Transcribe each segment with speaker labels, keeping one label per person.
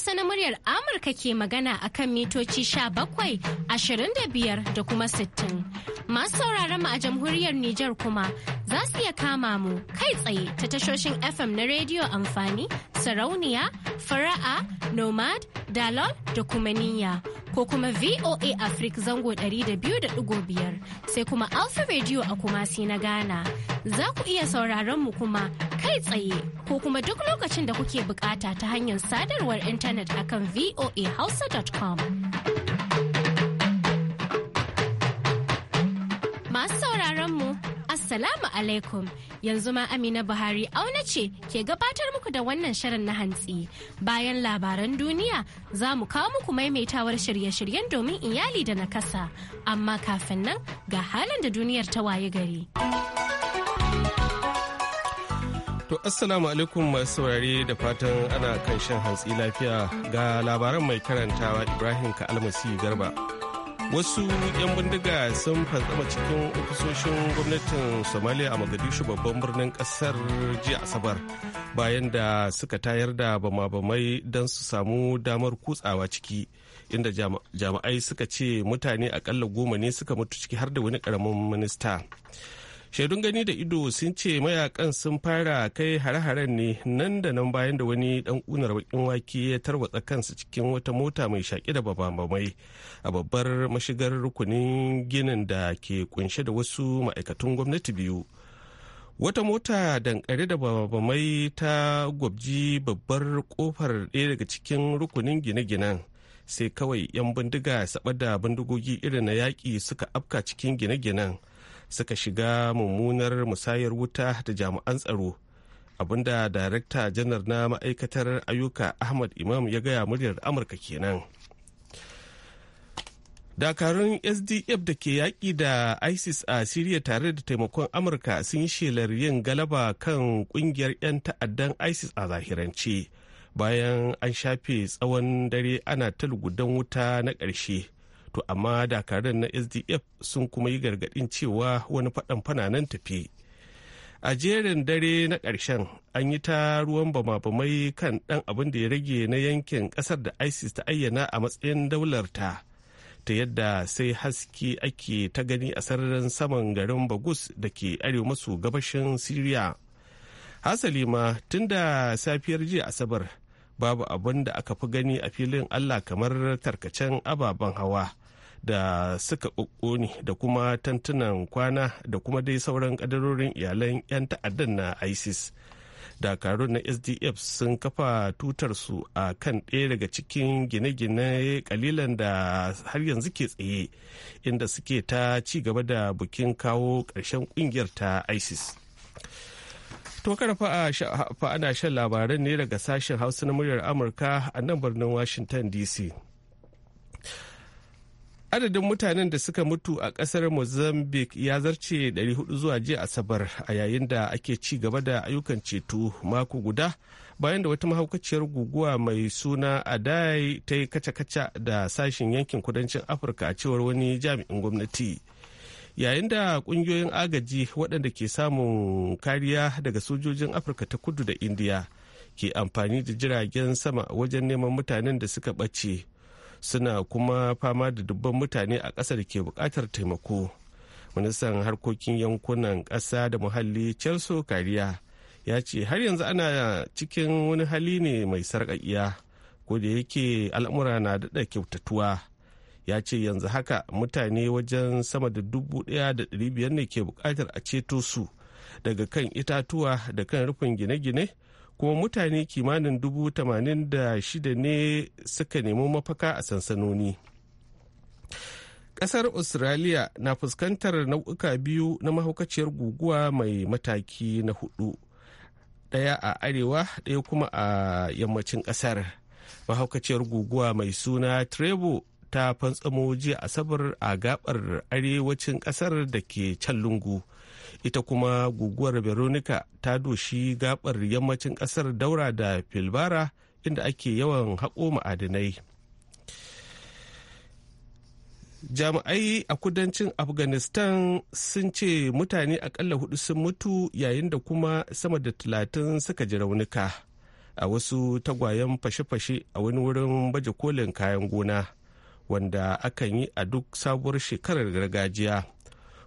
Speaker 1: Hausa na muryar Amurka ke magana a kan mitoci bakwai ashirin da biyar da kuma sittin Masu sauraron mu a jamhuriyar Nijar kuma za su iya kama mu kai tsaye ta tashoshin FM na rediyo amfani, sarauniya, fara'a, nomad, dalol da kuma niyya. Ko kuma VOA Africa zango 200.5 sai kuma Alpha Radio a Kumasi na Ghana. Za ku iya sauraron mu kuma kai tsaye ko kuma duk lokacin da kuke bukata ta hanyar sadarwar intanet akan voahausa.com. Masu sauraron mu Assalamu alaikum yanzu ma Amina Buhari auna ce ke gabatar muku da wannan shirin na hantsi. Bayan labaran duniya za mu kawo muku maimaitawar shirye-shiryen domin iyali da nakasa. Amma kafin nan ga halin da duniyar ta waye gari.
Speaker 2: To assalamu alaikum masu saurare da fatan ana kan shan hantsi lafiya ga labaran mai karantawa Ibrahim Ka'almasi Garba. Wasu 'yan bindiga sun fantsama cikin ofisoshin gwamnatin Somalia a Mogadishu babban birnin kasar jiya Asabar bayan da suka tayar da bama-bamai don su samu damar kutsawa ciki inda jami'ai suka ce mutane akalla goma ne suka mutu ciki har da wani ƙaramin minista. shaidun gani da ido sun ce mayakan sun fara kai hare-haren ne nan da nan bayan da wani dan kunar bakin wake ya tarwatsa kansa cikin wata mota mai shaƙi da babamai a babbar mashigar rukunin ginin da ke kunshe da wasu ma'aikatun gwamnati biyu wata mota dankare da babamai ta gwabji babbar kofar ɗaya daga cikin rukunin gine-ginen sai kawai 'yan bindiga saba da bindigogi irin na yaƙi suka afka cikin gine-ginen suka shiga mummunar musayar wuta da jami'an tsaro abinda darakta janar na ma'aikatar ayyuka ahmad imam ya gaya muryar amurka kenan dakarun sdf da ke yaƙi da isis a syria tare da taimakon amurka sun yi shelar yin galaba kan ƙungiyar 'yan ta'addan isis a zahirance bayan an shafe tsawon dare ana ta lugudan wuta na ƙarshe to amma dakarun na sdf sun kuma yi gargadin cewa wani faɗan fananan tafi a jerin dare na ƙarshen an yi ta ruwan bama-bamai kan ɗan abin da ya rage na yankin ƙasar da isis ta ayyana a matsayin daularta ta yadda sai haske ake ta gani a sararin saman garin bagus da ke arewa maso gabashin syria hasali ma tun da safiyar jiya asabar babu abin da aka fi gani a filin allah kamar tarkacen ababen hawa da suka ƙoƙƙoni da kuma tantunan kwana da kuma dai sauran ƙadarorin iyalan 'yan ta'addan na isis dakarun na sdf sun kafa tutarsu a kan ɗaya daga cikin gine-gine kalilan da har yanzu ke tsaye inda suke ta ci gaba da bukin kawo karshen ƙungiyar ta isis to fa ana shan labaran ne daga sashen hausa na muryar amurka a nan birnin washington dc adadin mutanen da suka mutu a kasar mozambique ya zarce 400 zuwa jiya asabar a yayin da ake ci gaba da ayyukan ceto mako guda bayan da wata mahaukaciyar guguwa mai suna adai ta yi kaca-kaca da sashen yankin kudancin afirka a cewar wani jami'in gwamnati yayin da kungiyoyin agaji waɗanda ke samun kariya daga sojojin afirka ta kudu da indiya ke amfani da jiragen sama wajen neman mutanen da suka ɓace suna kuma fama da dubban mutane a ƙasa da ke buƙatar taimako ministan harkokin yankunan ƙasa da muhalli celso kariya ya ce har yanzu ana cikin wani hali ne mai sarƙaƙiya ko da yake al'amura na daɗa kyautatuwa ya ce yanzu haka mutane wajen sama da dubu ɗaya da ɗari biyar ne ke buƙatar a ceto su daga kan itatuwa da kan rufin gine-gine kuma mutane kimanin dubu tamanin da shida ne suka nemi mafaka a sansanoni kasar australia na fuskantar nau'uka biyu na mahaukaciyar guguwa mai mataki na hudu daya a arewa daya kuma a yammacin kasar mahaukaciyar guguwa mai suna trevor ta fantsamo jiya asabar a gabar arewacin kasar da ke can lungu ita kuma guguwar veronica ta doshi gabar yammacin kasar daura da filbara inda ake yawan haƙo ma'adinai jami'ai a kudancin afghanistan sun ce mutane akalla hudu sun mutu yayin da kuma sama da talatin suka ji raunuka a wasu tagwayen fashe-fashe a wani wurin baje kolin kayan gona wanda akan yi a duk sabuwar shekarar gargajiya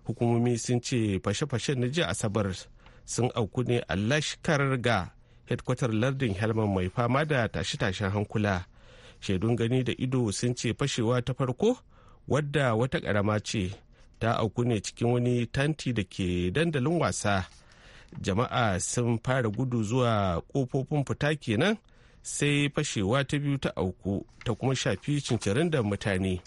Speaker 2: hukumomi sun ce fashe-fashen na jiya asabar sun auku ne a lashkar ga hedkwatar lardin helman mai fama da tashe-tashen hankula shaidun gani da ido sun ce fashewa ta farko wadda wata karama ce ta auku ne cikin wani tanti da ke dandalin wasa jama'a sun fara gudu zuwa kofofin fita kenan sai fashewa ta biyu ta auku ta kuma shafi cincirin da mutane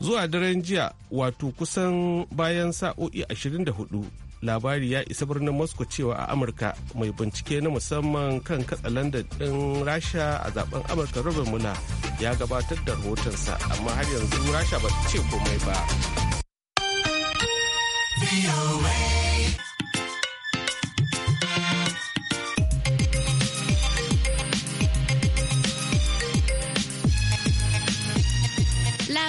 Speaker 2: zuwa daren jiya wato kusan bayan sa'o'i 24 labari ya isa birnin moscow cewa a amurka mai bincike na musamman kan katsa katsalandan ɗin rasha a zaben amurka robin mula ya gabatar da rahotonsa amma har yanzu rasha ba ce komai ba.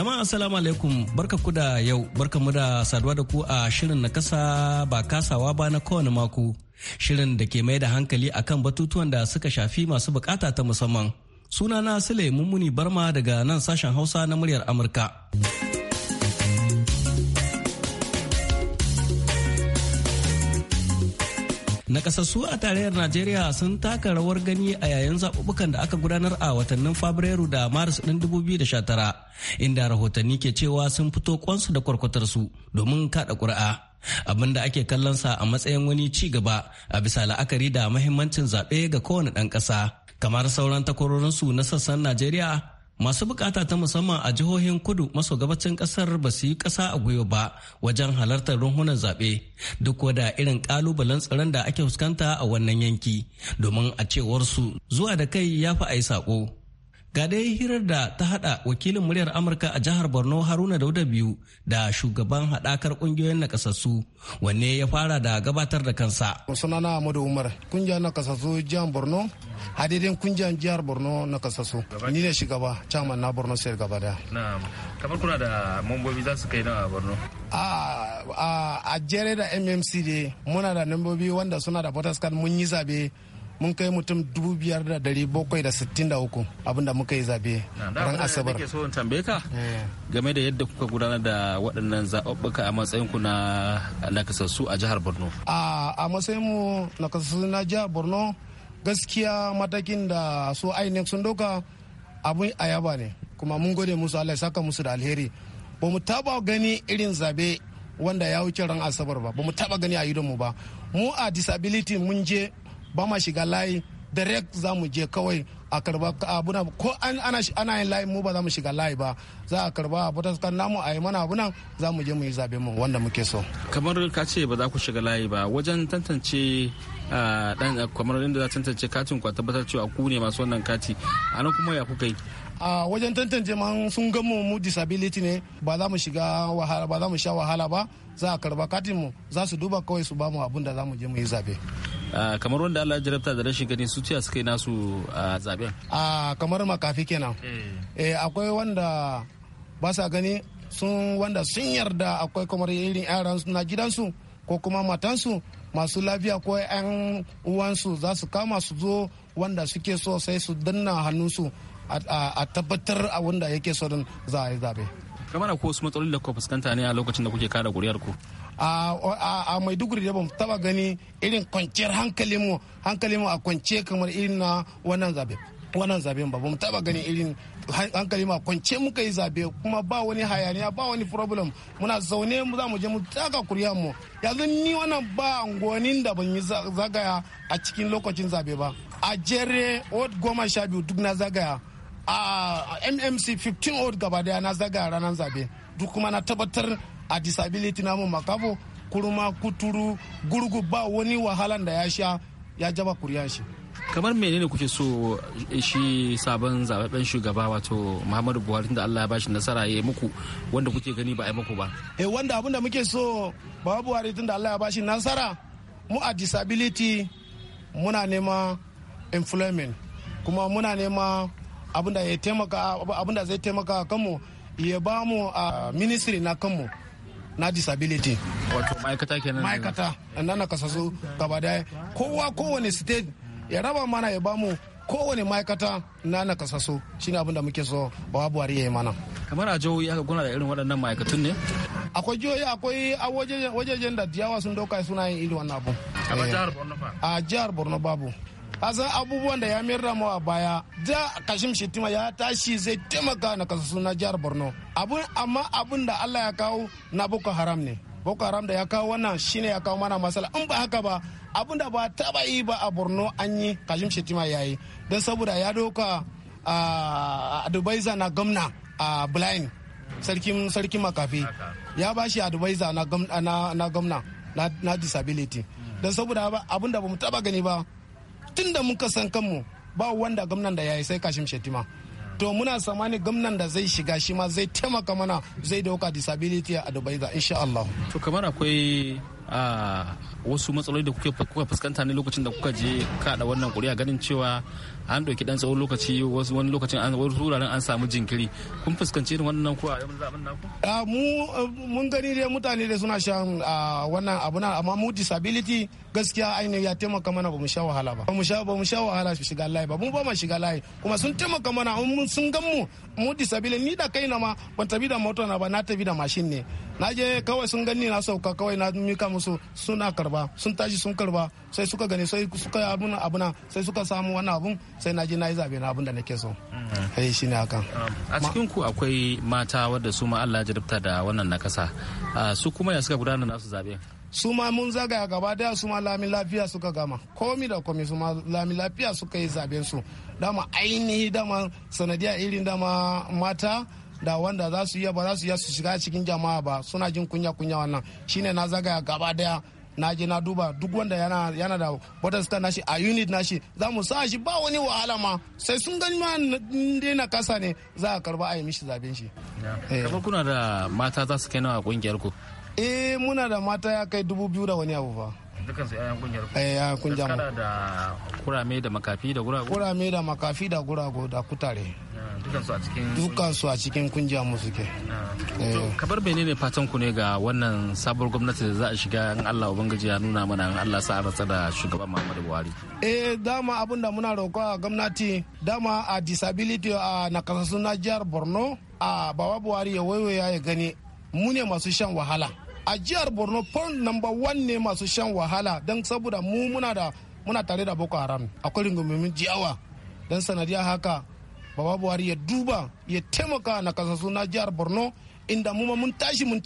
Speaker 3: Jama'a assalamu alaikum barka ku da yau barka mu da saduwa da ku a shirin na kasa ba kasawa ba na kowane mako shirin da ke mai da hankali akan batutuwan da suka shafi masu bukata ta musamman sunana Sule Mummuni Barma daga nan sashen Hausa na muryar Amurka. Nakasassu a tarayyar Najeriya sun taka rawar gani a yayin zaɓuɓɓukan da aka gudanar a watannin Fabrairu da Maris ɗin 2019, inda rahotanni ke cewa sun fito kwansu da kwarkwatarsu domin kaɗa ƙuri'a. Abin da ake kallonsa a matsayin wani ci gaba a bisa la'akari da mahimmancin zaɓe ga kowane ɗan ƙasa. Kamar sauran takwarorinsu na sassan Najeriya, masu bukata ta musamman a jihohin kudu maso gabacin kasar ba su yi kasa a gwiwa ba wajen halartar runhunan zaɓe duk da irin kalubalen tsaron da ake fuskanta a wannan yanki domin a cewar su zuwa da kai ya fi a yi saƙo Ga dai hirar da ta hada wakilin muryar Amurka a jihar Borno Haruna Dauda biyu da shugaban hadakar kungiyoyin nakasassu wanne ya fara da gabatar da kansa.
Speaker 4: Sunana Amadu Umar, kungiyar kasassu jihar Borno, hadidin kungiyar jihar Borno na kasassu Ni ne shugaba, chairman na Borno State gaba da.
Speaker 5: Kamar kuna da mambobi za su kai nawa Borno?
Speaker 4: A jere da MMC dai muna da mambobi wanda suna da Portas mun yi zabe mun kai mutum dubu biyar da dari bakwai da sittin da uku abinda muka yi zabe
Speaker 5: ran asabar. Da so in tambaye ka eh. game da yadda kuka gudanar da waɗannan zaɓuɓɓuka a matsayin ku na nakasassu a jihar Borno.
Speaker 4: A matsayin mu nakasassu na jihar Borno gaskiya matakin da su INEC sun doka abin ayaba ne kuma mun gode musu Allah ya saka musu da alheri ba mu taba gani irin zabe wanda ya wuce ran asabar ba ba mu taba gani a idonmu ba mu a disability mun je ba ma shiga layi direct za mu je kawai a karba abuna ko an ana yin layi mu ba za mu shiga layi ba za a karba abu ta namu a yi mana abunan za mu je mu yi zabe mu wanda muke so
Speaker 5: kamar ka ce ba za ku shiga layi ba wajen tantance dan ah, ah, kamar inda za tantance katin ku tabbatar cewa ku ne masu wannan kati anan kuma ya kuka yi
Speaker 4: a wajen tantance man sun mu mu disability ne ba za mu shiga wahala ba za mu sha wahala ba za a karba katin mu za su duba kawai su ba mu abun da za mu je mu yi zabe
Speaker 5: Ah, kamar wanda Allah jarabta da rashin gani su ciya suka yi nasu ah, zaben
Speaker 4: a ah, kamar makafi kenan eh. eh akwai wanda ba sa gani sun wanda sun yarda akwai kamar irin yaran na gidansu ko kuma matansu masu lafiya ko 'yan uwansu za su kama su zo wanda suke so sai su danna hannunsu a tabbatar a wanda yake so don za a yi zabe
Speaker 5: kamar ko wasu matsaloli da kuka fuskanta ne a lokacin da kuke kada kuri'ar ku
Speaker 4: a maiduguri da ba mu taba gani irin kwanciyar hankalinmu hankalinmu a kwance kamar irin na wannan zabe wannan zabe ba mu taba gani irin hankali ma kwance muka yi zabe kuma ba wani hayaniya ba wani problem muna zaune mu za mu je mu taka kuriyar mu yanzu ni wannan ba angonin da ban yi zagaya a cikin lokacin zabe ba a jere Old goma sha biyu duk na zagaya a mmc 15 Old gaba daya na zagaya ranar zabe duk kuma na tabbatar a disability namu makabo kuruma kuturu gurgu ba wani wahalan da ya sha ya jaba kuriyan shi
Speaker 5: kamar menene kuke so eh, shi sabon zababben shugaba wato muhammadu buhari da allah ya bashi nasara ya yi muku wanda kuke gani ba a yi muku ba
Speaker 4: eh wanda abin da muke so ba buhari tun da allah ya bashi nasara mu a disability muna nema employment kuma muna nema abin da zai taimaka kanmu ya ba mu a ah, ministry na kanmu na disability
Speaker 5: wato ma'aikata kenan ma'aikata
Speaker 4: na nakasasu gaba daya kowa kowane state ya raba mana ya bamu kowane ma'aikata na nakasasu shine abin da muke so wa buhari ya yi mana kamar a jihohi
Speaker 5: aka kuna da irin waɗannan ma'aikatun ne akwai
Speaker 4: jihohi akwai a wajejen da diyawa sun dauka suna yin iri wannan abu eh. a jihar borno babu kasan abubuwan da ya mayar da a baya da kashim shetima ya tashi zai taimaka na kasasu na jihar borno abun amma abun da allah ya kawo na boko haram ne boko haram da ya kawo wannan shine ya kawo mana masala in ba haka ba abun da ba taba yi ba a borno an yi kashim shetima ya yi don saboda ya doka a adubaiza na gwamna a blind sarkin sarki makafi ya ba shi adubaiza na gwamna na disability don saboda abun da ba mu taba gani ba tun da muka san kanmu ba wanda gwamnan da ya yi sai kashim shetima to muna samani gwamnan da zai shiga shi ma zai taimaka mana zai dauka disability a dubai insha Allah
Speaker 5: to kamar akwai wasu matsaloli da kuka fuskanta ne lokacin da kuka je kada wannan kuri'a ganin cewa an ɗauki dan tsawon lokaci wasu wani lokacin an wani wuraren an samu jinkiri kun fuskanci irin wannan ko a yau
Speaker 1: zaben
Speaker 4: naku mu eh, mun gani dai mutane da suna shan wannan abu na amma mu disability gaskiya ainihin ya taimaka mana ba mu sha wahala ba ba mu sha ba mu sha wahala su shiga layi ba mu ba ma shiga layi kuma sun taimaka mana mun sun gan mu mu disability ni da kaina ma ban tabi da mota na ba na tabi da mashin ne na je kawai sun gani na sauka kawai na mika musu suna karba sun tashi sun karba sai suka gani sai suka abuna abuna sai suka samu wannan abun sai na je na yi zaɓe na abin da nake so mm-hmm. eh, shi ne hakan
Speaker 5: um, a cikin ku akwai mata wadda su ma Allah ya jarabta da wannan nakasa uh, su kuma ya suka gudanar nasu zaɓe
Speaker 4: su ma mun zagaya gaba daya su ma lami lafiya suka gama komi da komi su ma lami lafiya suka yi zaben su dama ainihi dama sanadiyar irin dama mata da wanda za su iya ba za su iya su shiga cikin jama'a ba suna jin kunya kunya wannan shine na zagaya gaba daya na je na duba duk wanda yana yana da water star nashi a unit nashi za mu sa shi ba wani wahala ma sai sun gani ma dai na kasa ne za a karba a yi mishi zaben shi
Speaker 5: eh. kamar kuna da mata za su kai nawa kungiyar ku
Speaker 4: eh muna da mata ya kai dubu biyu da wani abu fa
Speaker 5: dukkan su yayan kungiyar kungiyar eh, mu da kurame da makafi da gurago kurame
Speaker 4: da makafi da gurago da kutare dukkan su a cikin dukkan kungiyar mu suke eh.
Speaker 5: kabar menene fatan ku ne ga wannan sabuwar gwamnati da za a shiga in Allah ubangiji ya nuna mana in Allah sa rasa da shugaban Muhammadu Buhari
Speaker 4: eh dama abinda muna roƙa gwamnati dama a disability a nakasassun na jihar Borno a Baba Buhari ya waiwaya ya gani mu ne masu shan wahala a jihar borno point number one ne masu shan wahala don saboda mu muna da muna tare da boko haram akwai rungumin jiyawa don sanadiyar haka baba buhari ya duba ya taimaka na kasasu na jihar borno inda mu mun tashi mun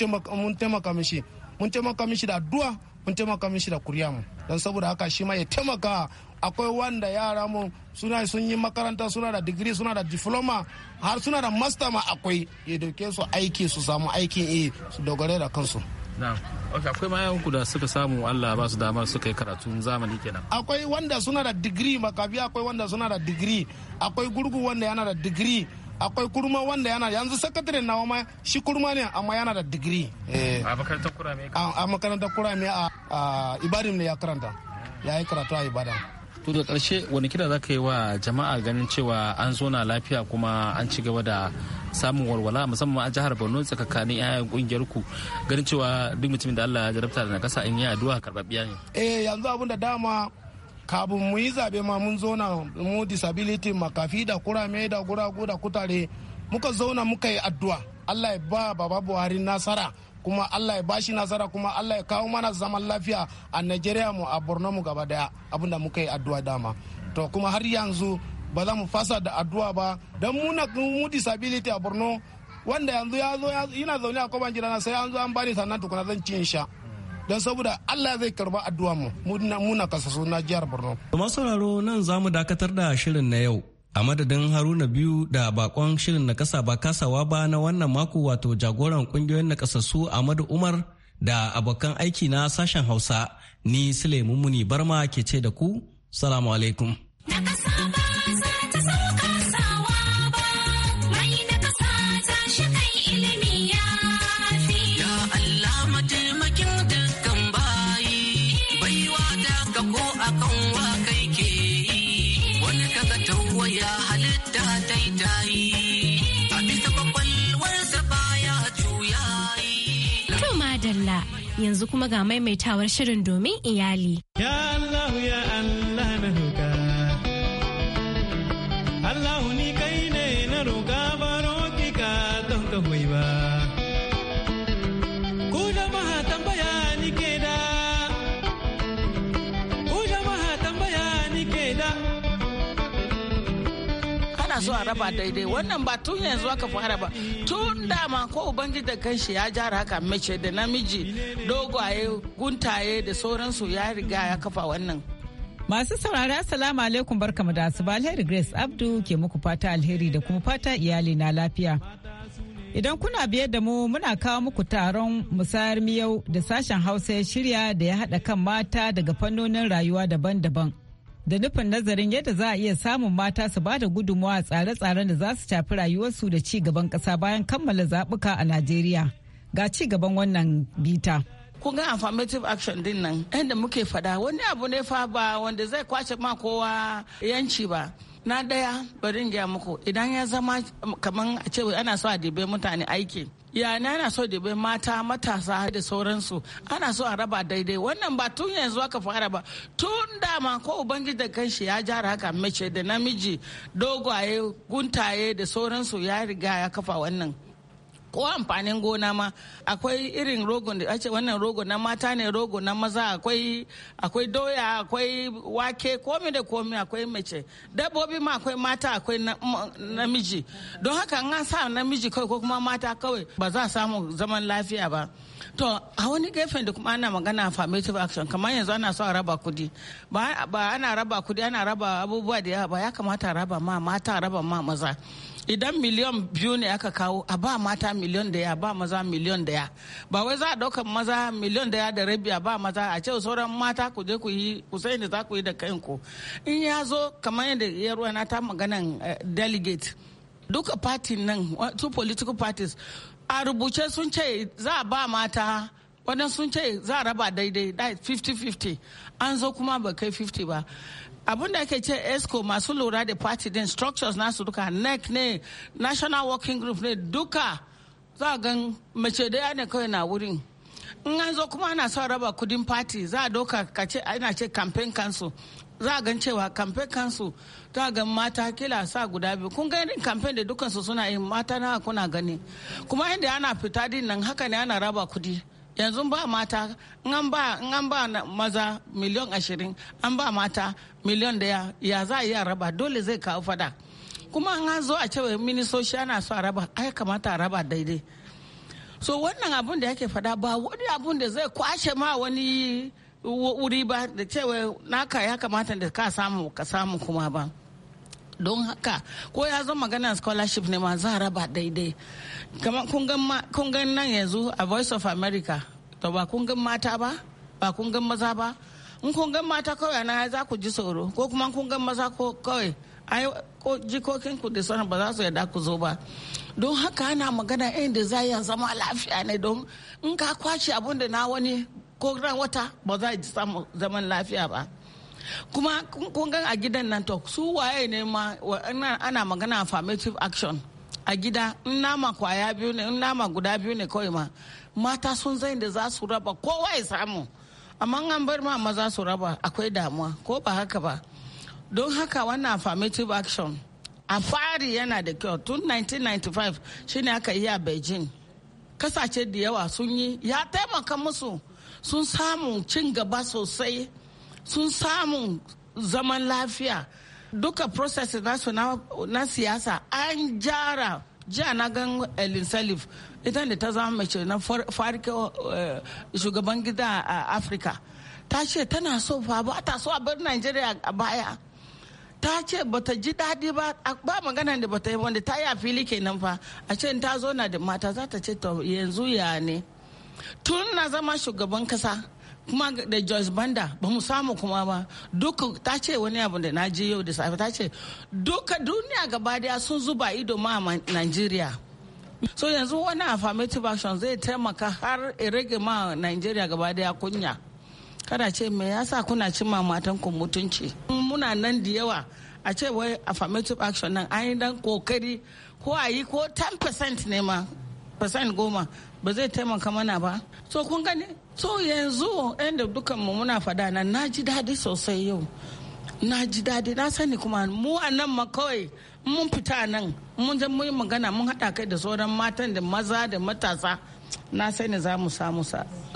Speaker 4: taimaka mishi mun taimaka mishi da addu'a mun taimaka mishi da kuriya mu don saboda haka shi ma ya taimaka akwai wanda yara mu suna sun yi makaranta suna da digiri suna da diploma har suna da master ma akwai ya dauke su aiki su samu aikin yi su dogare da kansu
Speaker 5: Okay, akwai ma ku da suka samu Allah ba su damar suka yi karatun zamani kenan
Speaker 4: akwai wanda suna da digiri makafi akwai wanda suna da digiri akwai gurgu wanda yana da digiri akwai kurma wanda yana yanzu sakatare na ma shi kurma ne amma yana da digiri eh. a makarantar kurame a makarantar kurame a ibadim ne ya karanta ya yi karatu a ibadan
Speaker 5: to da karshe wani kira za ka yi wa jama'a ganin cewa an zo lafiya kuma an ci gaba da samun walwala musamman a jihar borno tsakakanin yayan kungiyar ku ganin cewa duk mutumin da allah ya jarabta da nakasa in yi addu'a karbabbiya
Speaker 4: ne eh yanzu abun da dama kafin mu yi zabe ma mun zauna mu disability makafi da kurame da guragu da kutare muka zauna muka yi addu'a allah ya ba baba buhari nasara kuma Allah ya bashi nasara kuma Allah ya kawo mana zaman lafiya a Najeriya mu a Borno mu gaba daya abinda muka yi addu'a dama to kuma har yanzu ba za mu fasa da addu'a ba don na mu disability a Borno wanda yanzu ya zo yana zaune a koban gidana sai yanzu an bani sannan tukuna zan cin sha don saboda Allah zai karba addu'a mu muna kasasu na jihar Borno.
Speaker 3: Masu sauraro nan za mu dakatar da shirin na yau a madadin haruna biyu da bakon shirin na kasa ba kasawa ba na wannan mako wato jagoran kungiyoyin na kasassu amadu umar da abokan aiki na sashen hausa ni sule mummuni barma ke ce da ku salamu alaikum
Speaker 1: yanzu kuma ga maimaitawar shirin domin iyali.
Speaker 3: Ya Allah ya
Speaker 6: ana so a raba daidai wannan ba tun yanzu aka fara ba tun dama ko ubangiji da kanshi ya jara haka mace da namiji dogwaye guntaye da sauransu ya riga ya kafa wannan
Speaker 7: Masu saurara salamu alaikum barkamu da asuba alheri Grace Abdu ke muku fata alheri da kuma fata iyali na lafiya. Idan kuna biyar da mu muna kawo muku taron musayar miyau da sashen Hausa ya shirya da ya haɗa kan mata daga fannonin rayuwa daban-daban. da nufin nazarin yadda za a iya samun mata su ba da gudunmawa tsare-tsaren da za su tafi rayuwarsu da ci gaban ƙasa bayan kammala zaɓuka a Najeriya. Ga ci gaban wannan bita.
Speaker 6: kun ga affirmative action din nan yadda muke faɗa wani abu ne fa ba wanda zai kwace ma kowa yanci ba na daya bari in gaya muku idan ya zama kamar a ce ana so a dibe mutane aiki ya ne ana so dibe mata matasa da sauransu ana so a raba daidai wannan ba tun yanzu aka fara ba tun dama ko ubangiji da kanshi ya jara haka mace da namiji dogwaye guntaye da sauransu ya riga ya kafa wannan ko amfanin gona ma akwai irin rogo da wannan rogo na mata ne rogo na maza akwai akwai doya akwai wake komi da komi akwai mace dabbobi ma akwai mata akwai namiji don haka an sa namiji kawai ko kuma mata kawai ba za a samu zaman lafiya ba to a wani gefen da kuma ana magana affirmative action kamar yanzu ana so a raba kudi ba ana raba kudi ana raba abubuwa da yawa ba ya kamata a raba ma mata raba ma maza idan miliyan biyu ne aka kawo a ba mata miliyan daya ba maza miliyan daya ba wai za a ɗaukan maza miliyan daya da rabi a ba maza a ce sauran mata ku je ku yi ku sai da za ku yi da kanku in ya zo kamar yadda ya ruwana ta maganan eh, delegate duka party nan two political parties a rubuce sun ce za a ba mata wadan sun ce za a raba daidai 50-50 an zo kuma ba kai 50 ba abin da ake ce esco masu lura da party din structures nasu duka nec ne national working group ne duka za a gan mace daya ne kawai na wurin in an zo kuma ana son raba kudin party za a doka kace ana ce campaign council za a gan cewa campaign council za a mata kila sa guda biyu kun ga irin campaign da dukansu suna yin mata na kuna gani kuma inda ana fita din nan haka ne ana raba kudi yanzu ba mata an ba an ba maza miliyan ashirin an ba mata miliyon daya ya za a yi raba dole zai kawo fada kuma an zo a cewa minisoshi ana so a raba ai kamata a raba daidai so wannan abun da yake fada ba wani abun da zai kwashe ma wani wuri ba da cewa naka ya kamata da ka samu ka samu kuma ba don haka ko ya zo magana scholarship ne ma za a raba daidai kamar kun gan nan yanzu a voice of america to ba kun gan mata ba ba kun gan maza ba in kun gan mata kawai na za ku ji tsoro ko kuma kun gan maza kawai ai ko jikokin ku da sauran ba za su yarda ku zo ba don haka ana magana da za ya zama lafiya ne don in ka kwace abun da na wani ko ran wata ba za a ji samun zaman lafiya ba kuma kun gan a gidan nan to su waye ne ma ana magana affirmative action a gida in nama kwaya biyu ne in nama guda biyu ne kawai ma mata sun zai da za su raba kowa ya samu amma an bar ma maza su raba akwai damuwa ko ba haka ba don haka wannan affirmative action a fari yana da kyau tun 1995 shine aka yi a beijing kasashe da yawa sun yi ya taimaka musu sun samu cin gaba sosai sun samu zaman lafiya duka process nasu na siyasa an jara jiya na gan elin salif ita da ta zama mace na farke eh, shugaban gida a afirka ta ce tana so fa ba ta so a bar nigeria a baya ta ce ba ta ji daɗi ba ba magana da ta yi wanda ta yi a fili kenan fa a ce ta zo na da mata za ta ce to yanzu ya ne tun na zama shugaban kasa kuma da Joyce Banda ba mu samu kuma ba duka ta ce wani abu da na je yau da safe ta ce duka duniya gaba daya sun zuba ido ma a Najeriya so yanzu wani affirmative action zai taimaka har rage ma Najeriya gaba daya kunya kada ce me yasa kuna cin matan ku mutunci muna nan da yawa a ce wai affirmative action nan an yi dan kokari ko a yi ko 10% ne ma percent goma ba zai taimaka mana ba so kun gani so yanzu yadda dukan mu muna fada nan na ji daɗi sosai yau na ji daɗi na sani kuma mu a nan ma kawai mun fita nan mun zan yi magana mun haɗa kai da sauran matan da maza da matasa na sani za mu samu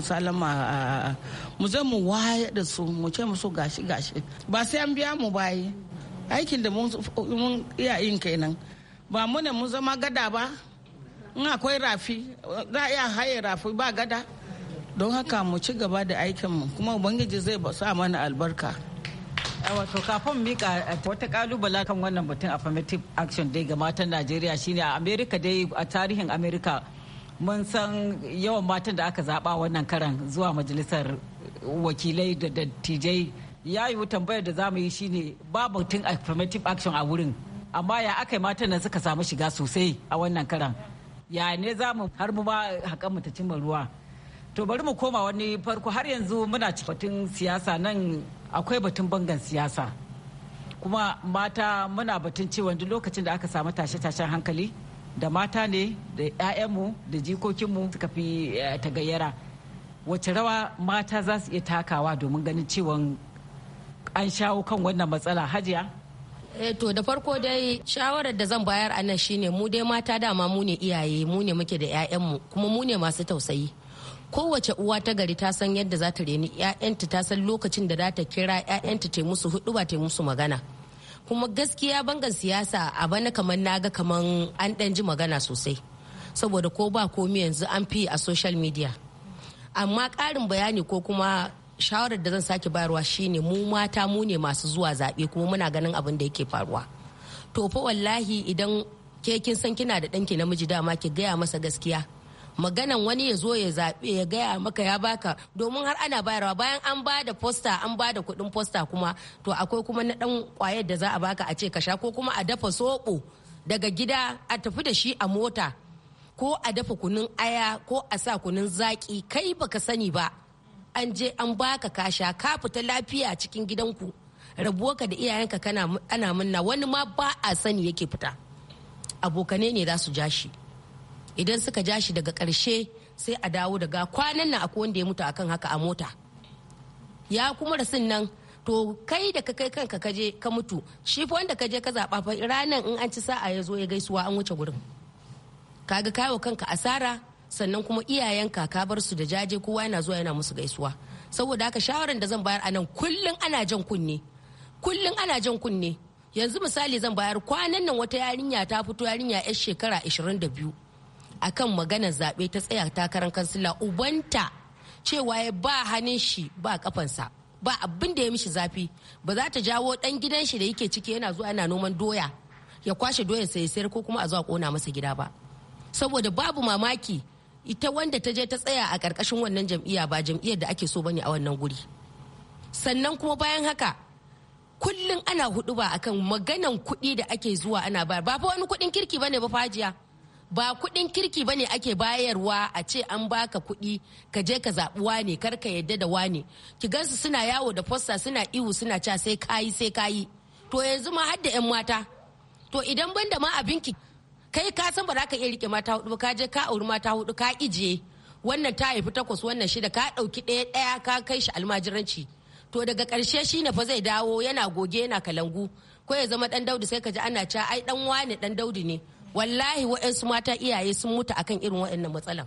Speaker 6: salama mu zan mu waye da su mu ce musu gashi gashi ba sai an biya mu bayi aikin da mun iya yin kenan ba mu ne mun zama gada ba in akwai rafi za a iya haye rafi ba gada don haka mu ci gaba da aikinmu kuma ubangiji zai
Speaker 7: sa mana albarka wato kafin mika wata kalubala kan wannan batun affirmative action dai ga matan najeriya shine a america dai a tarihin america mun san yawan matan da aka zaba wannan karan zuwa majalisar wakilai da dattijai ya yiwu tambayar da zamu yi shine ba tun affirmative action a wurin amma ya aka yi matan da suka samu shiga sosai a wannan karan ya ne za mu har mu ba haƙan mu ta cimma ruwa to bari mu koma wani farko har yanzu muna cikin batun siyasa nan akwai batun bangan siyasa kuma mata muna batun cewa duk lokacin da aka samu tashe-tashen hankali da mata ne da 'ya'yanmu da jikokinmu suka fi eh, tagayyara wace rawa mata za su iya takawa domin ganin cewa an shawo kan wannan matsala hajiya
Speaker 8: Eh to da farko dai shawarar da zan bayar a nan shine mu dai mata dama mu ne iyaye mu ne muke da 'ya'yanmu kuma mu ne masu tausayi. kowace uwa ta gari ta san yadda za ta reni 'ya'yanta ta san lokacin da za ta kira 'ya'yanta ta musu hudu ba ta musu magana kuma gaskiya bangan siyasa a bana kamar ga kamar an dan ji magana sosai saboda ko ba komi yanzu an fi a social media amma ƙarin bayani ko kuma shawarar da zan sake bayarwa shine mu mata mu ne masu zuwa zaɓe kuma muna ganin abin da yake faruwa to fa wallahi idan ke kin san kina da ɗanki namiji dama ki gaya masa gaskiya maganan wani ya zo ya zaɓe ya gaya maka ya baka domin har ana bayarwa bayan an ba da posta an ba da kuɗin posta kuma to akwai kuma na ɗan kwayar da za a baka a ce ka sha ko kuma a dafa soɓo daga gida a tafi da shi a mota ko a dafa kunun aya ko a sa kunun zaki kai baka sani ba an je an baka kasha ka fita lafiya cikin gidanku rabuwarka da iyayenka kana ana munna wani ma ba a sani yake fita abokane ne za su ja idan suka jashi daga karshe sai a dawo daga kwanan nan akwai wanda ya mutu akan haka a mota ya kuma rasin nan to kai da ka kai kanka ka je ka mutu shi fa wanda ka je ka zaba fa ranan in an ci sa'a ya zo ya gaisuwa an wuce gurin kaga kawo kanka asara sannan kuma iyayen kaka bar su da jaje kowa yana zuwa yana musu gaisuwa saboda haka shawaran da zan bayar anan kullum ana jan kunne kullun ana jan kunne yanzu misali zan bayar kwanan nan wata yarinya ta fito yarinya yar shekara 22 akan maganar zaɓe ta tsaya takarar kansila ubanta cewa ya ba hannun shi ba kafansa ba abin da ya mishi zafi ba za ta jawo dan gidan shi da yake ciki yana zuwa yana noman doya ya kwashe sa ya sayar ko kuma a zuwa kona masa gida ba saboda babu mamaki ita wanda ta je ta tsaya a ƙarƙashin wannan jam'iyya ba jam'iyyar da ake so bane a wannan guri sannan kuma bayan haka kullum ana hudu ba akan maganan kuɗi da ake zuwa ana bayar ba fa wani kuɗin kirki bane ba fajiya ba kuɗin kirki bane ake bayarwa a ce an baka kuɗi ka je ka zaɓi wane kar ka yadda da wane ki gansu suna yawo da fossa suna ihu suna ca sai kayi sai kayi to yanzu ma har da 'yan mata to idan banda ma abinki kai ka san ba za ka iya rike mata hudu ka je ka auri mata hudu ka ije wannan ta haifi takwas wannan shida ka dauki ɗaya ɗaya ka kai shi almajiranci to daga karshe shi ne fa zai dawo yana goge yana kalangu ko ya zama dan daudi sai ka ji ana cewa ai dan wane dan daudi ne wallahi waɗansu mata iyaye sun mutu akan irin waɗannan matsalan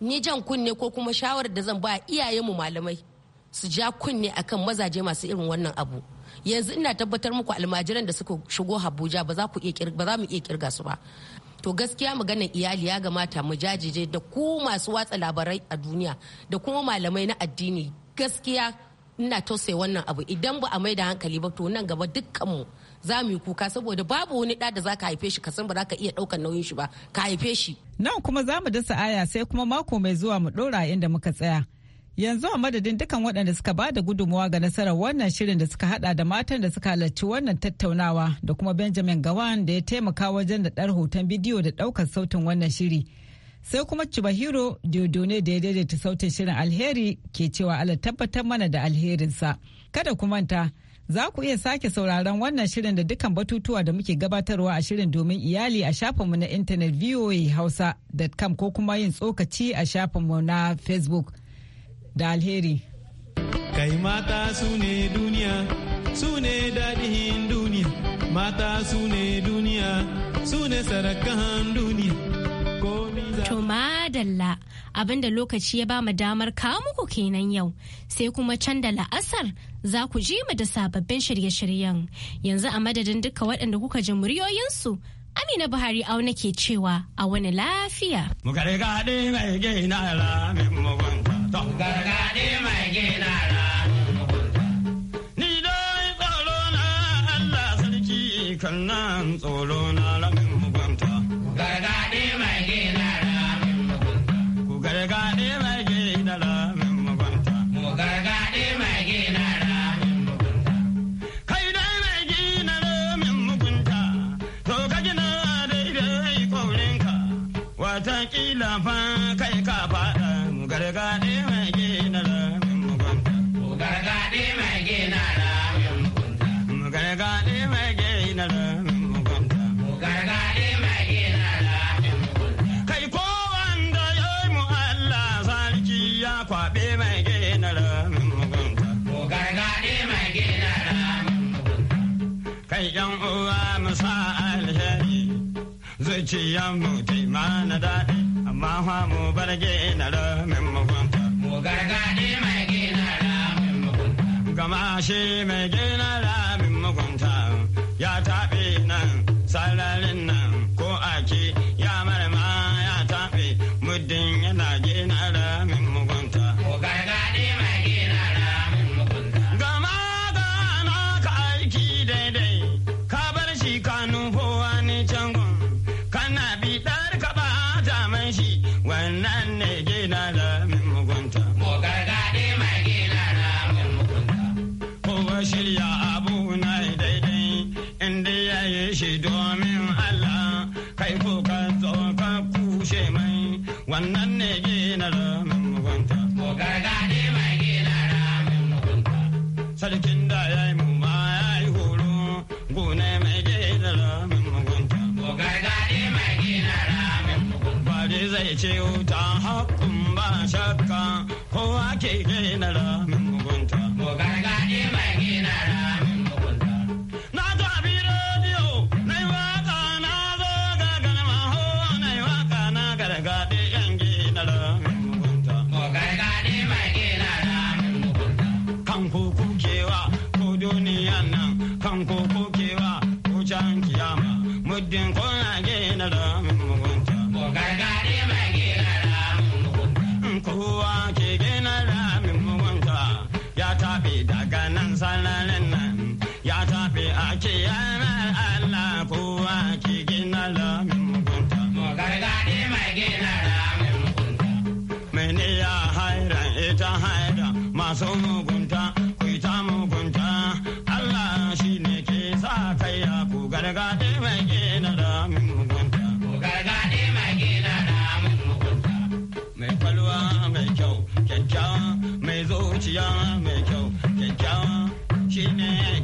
Speaker 8: ni jan kunne ko kuma shawarar da zan ba iyayenmu malamai su ja kunne akan mazaje masu irin wannan abu yanzu ina tabbatar muku almajiran da suka shigo habuja ba za mu iya kirga su ba to gaskiya maganar iyali ya gamata mu jajije da ku masu watsa labarai a duniya da kuma malamai na addini gaskiya ina tausaya wannan abu idan ba a mai da hankali ba to nan gaba dukkanmu za mu yi kuka saboda babu wani ɗa da za ka haife shi ka san ba za ka iya ɗaukar nauyin shi ba ka haife shi.
Speaker 7: Nan kuma za mu dasa aya sai kuma mako mai zuwa mu ɗora inda muka tsaya. Yanzu a madadin dukan waɗanda suka ba da gudunmawa ga nasarar wannan shirin da suka hada da matan da suka halarci wannan tattaunawa da kuma Benjamin Gawan da ya taimaka wajen da ɗar hoton bidiyo da ɗaukar sautin wannan shiri. Sai kuma Chibahiro Diodone da ya daidaita sautin shirin alheri ke cewa Allah tabbatar mana da alherinsa. Kada ku manta, za ku iya sake sauraron wannan shirin da dukkan batutuwa da muke gabatarwa a shirin domin iyali a shafinmu na intanet voahausa.com ko kuma yin tsokaci a shafinmu na Facebook. da alheri. Kai
Speaker 3: mata su ne duniya, su ne dadihin duniya, mata su ne duniya, su ne sarakan duniya.
Speaker 1: To madalla abinda lokaci ya ba mu damar kawo muku kenan yau sai kuma can da la'asar za ku ji mu da sababbin shirye-shiryen yanzu a madadin duka waɗanda kuka ji muryoyinsu Amina Buhari au nake cewa a wani lafiya.
Speaker 9: Mu mai gina Gargaɗi mai gina Ni dai tsoro na Allah sarki kan nan tsoro na lamin mugunta. Gargaɗi mu taima na daɗi amma hwa mu bar gina ramin mugunta. Mu gargaɗi mai gina min mugunta. Gama shi mai gina ramin mugunta ya taɓe nan sararin nan. ake na kyakkyawa mai kyau kyakkyawa shine